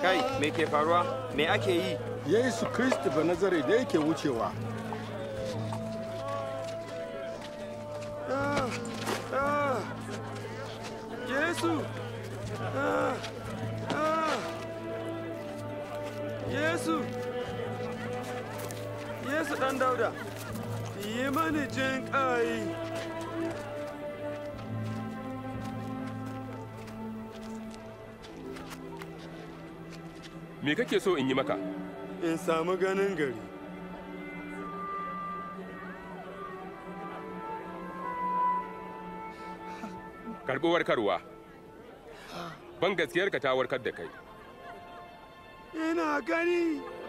Kai, mai ke faruwa? Me ake yi? Yesu Kristi ba nazare da yake wucewa. Yesu! Yesu! Yesu ɗan dauda, yi mani jin me kake so in yi maka in samu ganin gari karɓi warkarwa ban gaskiyarka ta warkar da kai ina gani